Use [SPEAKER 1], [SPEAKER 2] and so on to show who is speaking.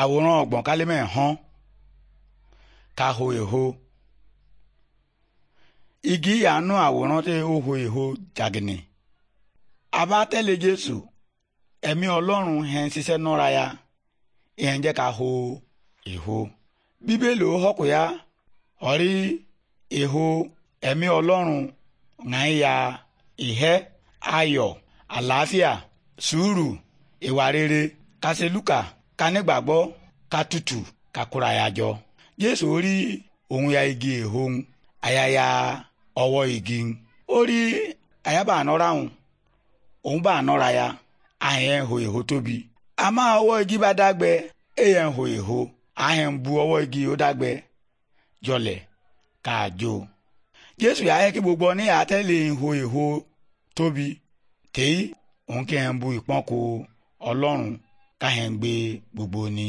[SPEAKER 1] àwòrán ọ̀gbọ̀n kálẹ́mẹ̀ hàn ká ho èho igi àánú àwòrán tẹ ó ho èho jàgìnì abátẹ́lẹ̀ Jésù ẹ̀mí Ọlọ́run hẹn ṣiṣẹ́ nọ́ra ya ihe jẹ́ ká ho èho bíbélì ó họ́kù ya ọ̀rí èho ẹ̀mí Ọlọ́run ŋàn ya ìhẹ́ ayọ̀ àlàáfíà sùúrù ìwà rere kásẹ̀lúkà ká nígbàgbọ́ ká tutù ká kóra ya jọ jésù rí òun ya igi èhóhun ayaya ọwọ́ igi ó rí àyàbà ànọ́ra òun òun bá ànọ́ra ya àyẹn hò èhó tóbi àmọ́ ọwọ́ igi bá dágbẹ èyẹn hò èhó àyẹn bu ọwọ́ igi ó dágbẹ jọlẹ̀ káàjò jésù yà á yẹ kí gbogbo ní àtẹ́lẹ̀ ìhò èhó tóbi tèyí òun kí bu ìpọ́nkò ọlọ́run káhẹ́ǹgbé gbogbo ni.